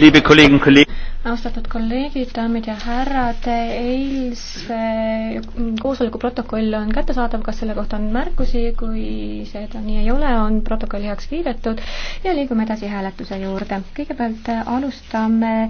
liebe Kollegen, Kollegen. austatud kolleegid, daamid ja härrad, eilse koosoleku protokoll on kättesaadav, kas selle kohta on märkusi, kui seda nii ei ole, on protokoll heaks kiidetud ja liigume edasi hääletuse juurde. kõigepealt alustame